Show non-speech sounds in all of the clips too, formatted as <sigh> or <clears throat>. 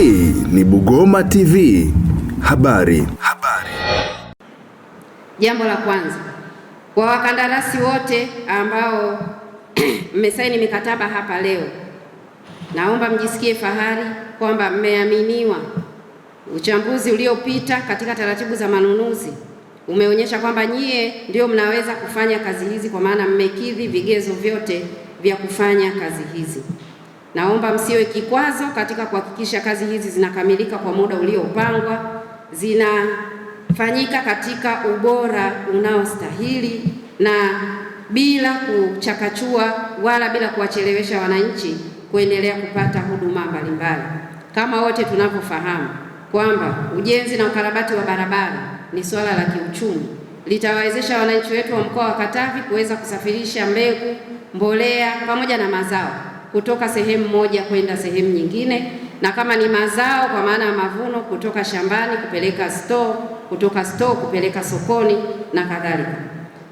Hii ni Bugoma TV. Habari. Habari. Jambo la kwanza, kwa wakandarasi wote ambao <clears throat> mmesaini mikataba hapa leo, naomba mjisikie fahari kwamba mmeaminiwa. Uchambuzi uliopita katika taratibu za manunuzi umeonyesha kwamba nyie ndio mnaweza kufanya kazi hizi, kwa maana mmekidhi vigezo vyote vya kufanya kazi hizi. Naomba msiwe kikwazo katika kuhakikisha kazi hizi zinakamilika kwa muda uliopangwa, zinafanyika katika ubora unaostahili na bila kuchakachua wala bila kuwachelewesha wananchi kuendelea kupata huduma mbalimbali. Kama wote tunavyofahamu kwamba ujenzi na ukarabati wa barabara ni swala la kiuchumi, litawawezesha wananchi wetu wa mkoa wa Katavi kuweza kusafirisha mbegu, mbolea pamoja na mazao kutoka sehemu moja kwenda sehemu nyingine, na kama ni mazao kwa maana ya mavuno, kutoka shambani kupeleka store, kutoka store kupeleka sokoni na kadhalika.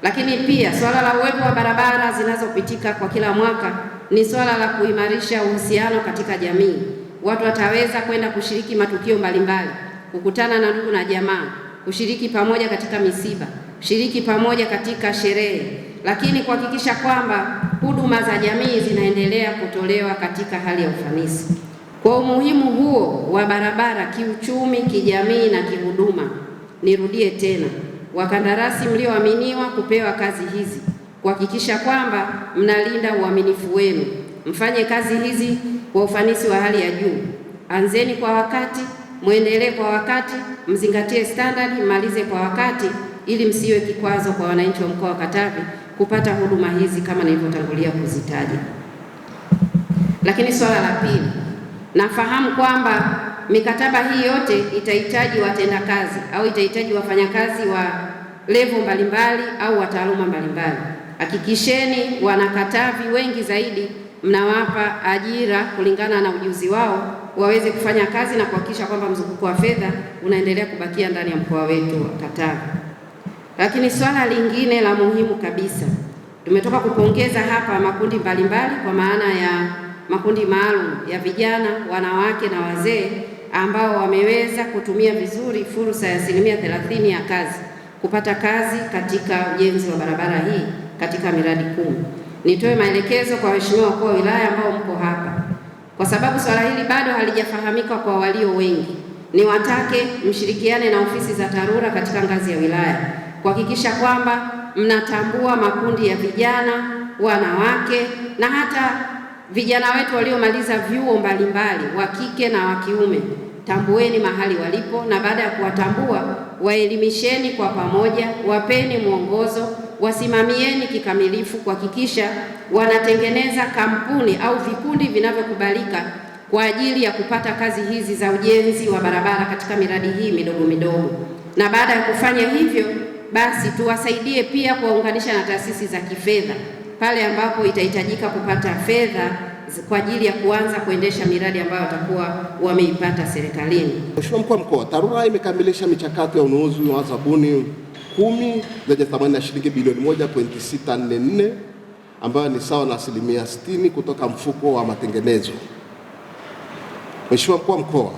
Lakini pia swala la uwepo wa barabara zinazopitika kwa kila mwaka ni swala la kuimarisha uhusiano katika jamii. Watu wataweza kwenda kushiriki matukio mbalimbali, kukutana na ndugu na jamaa, kushiriki pamoja katika misiba, kushiriki pamoja katika sherehe, lakini kuhakikisha kwamba huduma za jamii zinaendelea kutolewa katika hali ya ufanisi. Kwa umuhimu huo wa barabara kiuchumi, kijamii na kihuduma, nirudie tena, wakandarasi mlioaminiwa kupewa kazi hizi, kuhakikisha kwamba mnalinda uaminifu wenu, mfanye kazi hizi kwa ufanisi wa hali ya juu. Anzeni kwa wakati, mwendelee kwa wakati, mzingatie standard, mmalize kwa wakati, ili msiwe kikwazo kwa wananchi wa mkoa wa Katavi kupata huduma hizi kama nilivyotangulia kuzitaja. Lakini swala la pili, nafahamu kwamba mikataba hii yote itahitaji watendakazi au itahitaji wafanyakazi wa levo mbalimbali au wataaluma mbalimbali. Hakikisheni wanakatavi wengi zaidi mnawapa ajira kulingana na ujuzi wao waweze kufanya kazi na kuhakikisha kwamba mzunguko wa fedha unaendelea kubakia ndani ya mkoa wetu wa Katavi. Lakini swala lingine la muhimu kabisa, tumetoka kupongeza hapa makundi mbalimbali, kwa maana ya makundi maalum ya vijana, wanawake na wazee ambao wameweza kutumia vizuri fursa ya asilimia thelathini ya kazi kupata kazi katika ujenzi wa barabara hii katika miradi kumi. Nitoe maelekezo kwa waheshimiwa wakuu wa wilaya ambao mko hapa, kwa sababu swala hili bado halijafahamika kwa walio wengi, niwatake mshirikiane na ofisi za TARURA katika ngazi ya wilaya kuhakikisha kwamba mnatambua makundi ya vijana, wanawake na hata vijana wetu waliomaliza vyuo mbalimbali wa kike na wa kiume. Tambueni mahali walipo, na baada ya kuwatambua waelimisheni kwa pamoja, wapeni mwongozo, wasimamieni kikamilifu kuhakikisha wanatengeneza kampuni au vikundi vinavyokubalika kwa ajili ya kupata kazi hizi za ujenzi wa barabara katika miradi hii midogo midogo. Na baada ya kufanya hivyo basi tuwasaidie pia kuwaunganisha na taasisi za kifedha pale ambapo itahitajika kupata fedha kwa ajili ya kuanza kuendesha miradi ambayo watakuwa wameipata serikalini. Mheshimiwa Mkuu wa Mkoa, TARURA imekamilisha michakato ya ununuzi wa zabuni kumi zenye thamani ya shilingi bilioni 1.644 ambayo ni sawa na asilimia 60 kutoka mfuko wa matengenezo. Mheshimiwa Mkuu wa Mkoa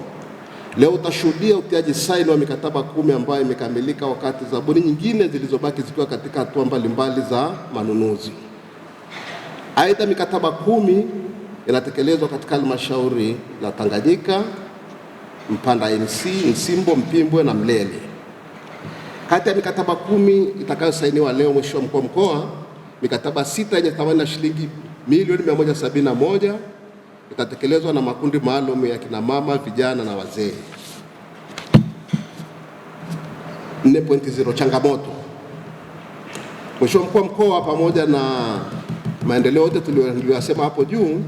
Leo utashuhudia utiaji saini wa mikataba kumi ambayo imekamilika, wakati zabuni nyingine zilizobaki zikiwa katika hatua mbalimbali za manunuzi. Aidha, mikataba kumi inatekelezwa katika halmashauri la Tanganyika, Mpanda MC, Msimbo, Mpimbwe na Mlele. Kati ya mikataba kumi itakayosainiwa leo, Mheshimiwa Mkuu wa Mkoa, mikataba sita yenye thamani ya shilingi milioni 171 itatekelezwa na makundi maalum ya kinamama, vijana na wazee. 4.0 Changamoto. Mheshimiwa Mkuu wa Mkoa, pamoja na maendeleo yote tuliyoyasema hapo juu,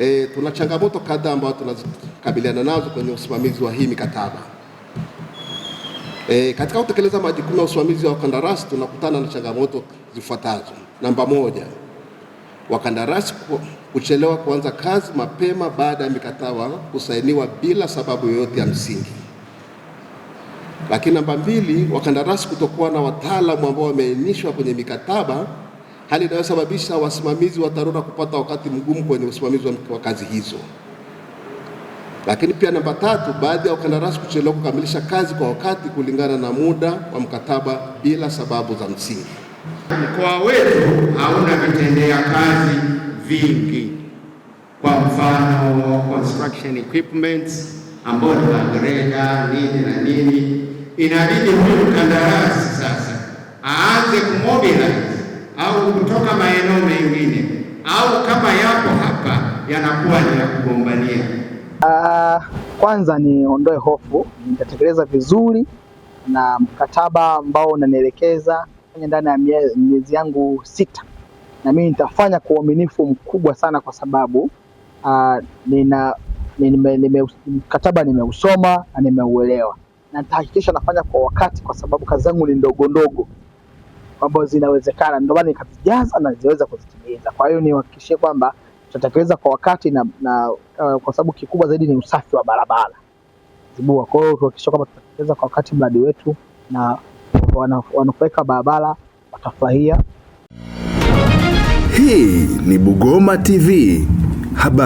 e, tuna changamoto kadhaa ambazo tunazikabiliana nazo kwenye usimamizi wa hii mikataba. E, katika kutekeleza majukumu ya usimamizi wa kandarasi tunakutana na changamoto zifuatazo. Namba moja wakandarasi kuchelewa kuanza kazi mapema baada ya mikataba kusainiwa bila sababu yoyote ya msingi. Lakini namba mbili, wakandarasi kutokuwa na wataalamu ambao wameainishwa kwenye mikataba, hali inayosababisha wasimamizi wa TARURA kupata wakati mgumu kwenye usimamizi wa kazi hizo. Lakini pia namba tatu, baadhi ya wakandarasi kuchelewa kukamilisha kazi kwa wakati kulingana na muda wa mkataba bila sababu za msingi. Mkoa wetu hauna vitendea kazi vingi, kwa mfano construction equipment ambao ni magreda nini na nini. Inabidi huyu mkandarasi sasa aanze kumobilize au kutoka maeneo mengine au kama yapo hapa yanakuwa ni ya kugombania. Uh, kwanza niondoe hofu, nitatekeleza vizuri na mkataba ambao unanielekeza nitafanya ndani ya miezi yangu sita, na mimi nitafanya kwa uaminifu mkubwa sana, kwa sababu ah, nina nime, nime, mkataba nimeusoma na nimeuelewa, na nitahakikisha nafanya kwa wakati, kwa sababu kazi zangu ni ndogo ndogo ambazo zinawezekana, ndio maana nikazijaza na ziweza kuzitimiza. Kwa hiyo nihakikishie kwamba tutatekeleza kwa wakati na, na uh, kwa sababu kikubwa zaidi ni usafi wa barabara zibua. Kwa hiyo tuhakikisha kwamba tutatekeleza kwa wakati mradi wetu na wananufaika barabara watafurahia. Hii ni Bugoma TV haba